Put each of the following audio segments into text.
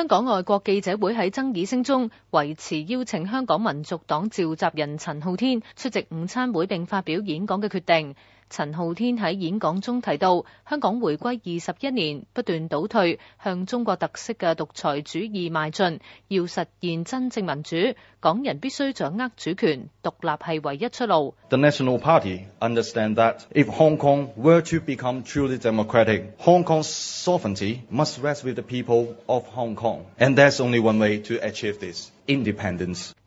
香港外國記者會喺爭議聲中維持邀請香港民族黨召集人陳浩天出席午餐會並發表演講嘅決定。陳浩天喺演講中提到，香港回歸二十一年不斷倒退，向中國特色嘅獨裁主義邁進，要實現真正民主，港人必須掌握主權，獨立係唯一出路。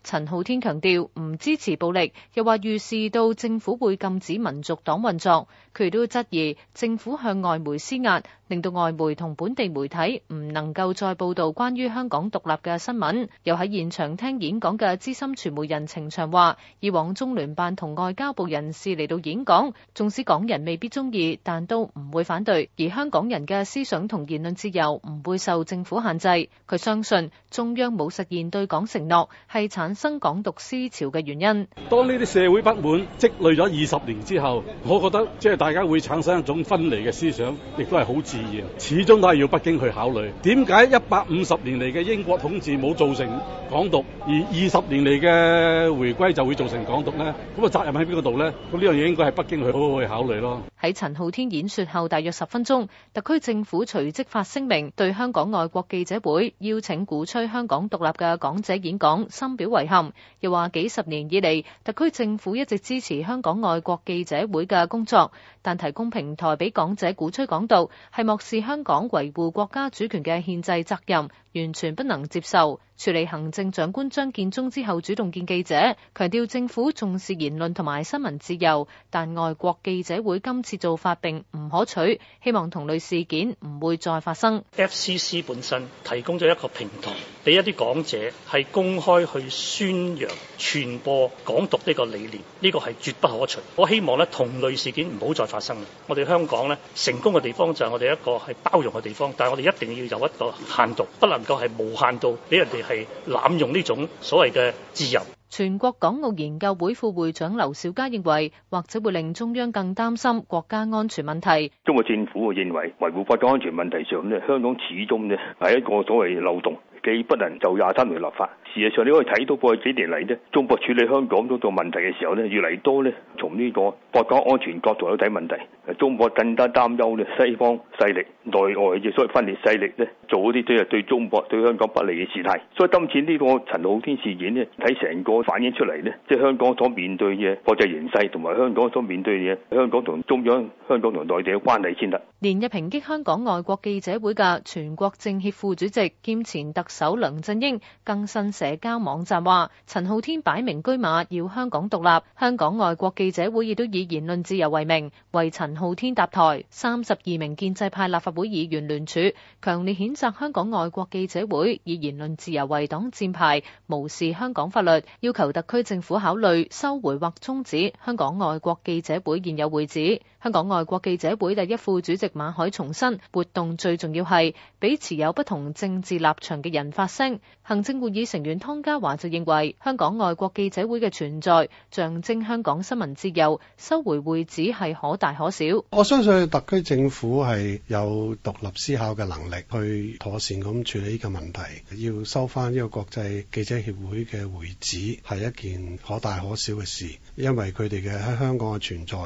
陳浩天強調唔支持暴力，又話預示到政府會禁止民族黨運作。佢都質疑政府向外媒施壓。令到外媒同本地媒體唔能夠再報道關於香港獨立嘅新聞。又喺現場聽演講嘅資深傳媒人程翔話：以往中聯辦同外交部人士嚟到演講，縱使港人未必中意，但都唔會反對。而香港人嘅思想同言論自由唔會受政府限制。佢相信中央冇實現對港承諾，係產生港獨思潮嘅原因。當呢啲社會不滿積累咗二十年之後，我覺得即係大家會產生一種分離嘅思想，亦都係好自然。始終都係要北京去考慮。點解一百五十年嚟嘅英國統治冇造成港獨，而二十年嚟嘅回歸就會造成港獨呢？咁個責任喺邊個度呢？咁呢樣嘢應該係北京去好好去考慮咯。喺陳浩天演説後，大約十分鐘，特區政府隨即發聲明，對香港外國記者會邀請鼓吹香港獨立嘅講者演講深表遺憾。又話幾十年以嚟，特區政府一直支持香港外國記者會嘅工作，但提供平台俾講者鼓吹港獨係。漠視香港維護國家主權嘅憲制責任，完全不能接受。署理行政長官張建宗之後主動見記者，強調政府重視言論同埋新聞自由，但外國記者會今次做法並唔可取，希望同類事件唔會再發生。FCC 本身提供咗一個平台。俾一啲講者係公開去宣揚、傳播港獨呢個理念，呢、呢個係絕不可取。我希望咧，同類事件唔好再發生。我哋香港咧，成功嘅地方就係我哋一個係包容嘅地方，但係我哋一定要有一個限度，不能夠係無限度俾人哋係濫用呢種所謂嘅自由。全國港澳研究會副會長劉兆佳認為，或者會令中央更擔心國家安全問題。中國政府認為維護國家安全問題上咧，香港始終咧係一個所謂嘅漏洞。既不能做廿三條立法。事實上你可以睇到過去幾年嚟呢，中國處理香港嗰度問題嘅時候呢，越嚟多呢，從呢個國家安全角度去睇問題，中國更加擔憂呢西方勢力、內外嘅所謂分裂勢力呢，做嗰啲即係對中國、對香港不利嘅事態。所以今次呢個陳浩天事件呢，睇成個反映出嚟呢，即係香港所面對嘅國際形勢，同埋香港所面對嘅香港同中央、香港同內地嘅關係先得。連日抨擊香港外國記者會嘅全國政協副主席兼前特首梁振英更新。社交網站話：陳浩天擺明居馬要香港獨立，香港外國記者會亦都以言論自由為名為陳浩天搭台。三十二名建制派立法會議員聯署，強烈譴責香港外國記者會以言論自由為擋箭牌，無視香港法律，要求特區政府考慮收回或終止香港外國記者會現有會址。香港外國記者會第一副主席馬海重申，活動最重要係俾持有不同政治立場嘅人發聲。行政會議成員。湯家驊就認為，香港外國記者會嘅存在象徵香港新聞自由，收回會址係可大可小。我相信特區政府係有獨立思考嘅能力，去妥善咁處理呢個問題。要收翻呢個國際記者協會嘅會址，係一件可大可小嘅事，因為佢哋嘅喺香港嘅存在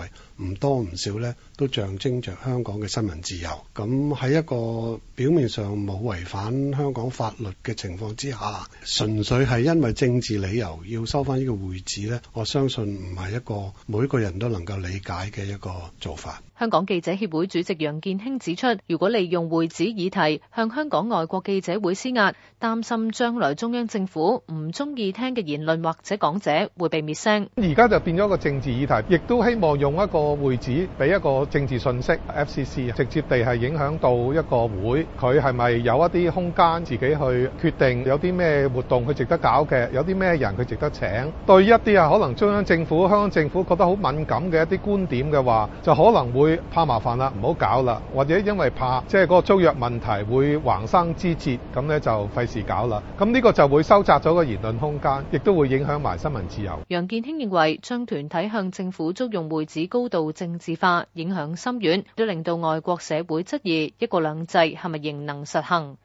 唔多唔少呢都象徵着香港嘅新聞自由。咁喺一個表面上冇違反香港法律嘅情況之下，純粹係因為政治理由要收翻呢個會址咧，我相信唔係一個每個人都能夠理解嘅一個做法。香港記者協會主席楊健興指出，如果利用會址議題向香港外國記者會施壓，擔心將來中央政府唔中意聽嘅言論或者講者會被滅聲。而家就變咗個政治議題，亦都希望用一個會址俾一個政治信息。怕麻煩啦，唔好搞啦，或者因為怕，即係嗰個租約問題會橫生枝節，咁咧就費事搞啦。咁呢個就會收窄咗個言論空間，亦都會影響埋新聞自由。楊建興認為，將團體向政府租用會址高度政治化，影響深遠，都令到外國社會質疑一國兩制係咪仍能實行。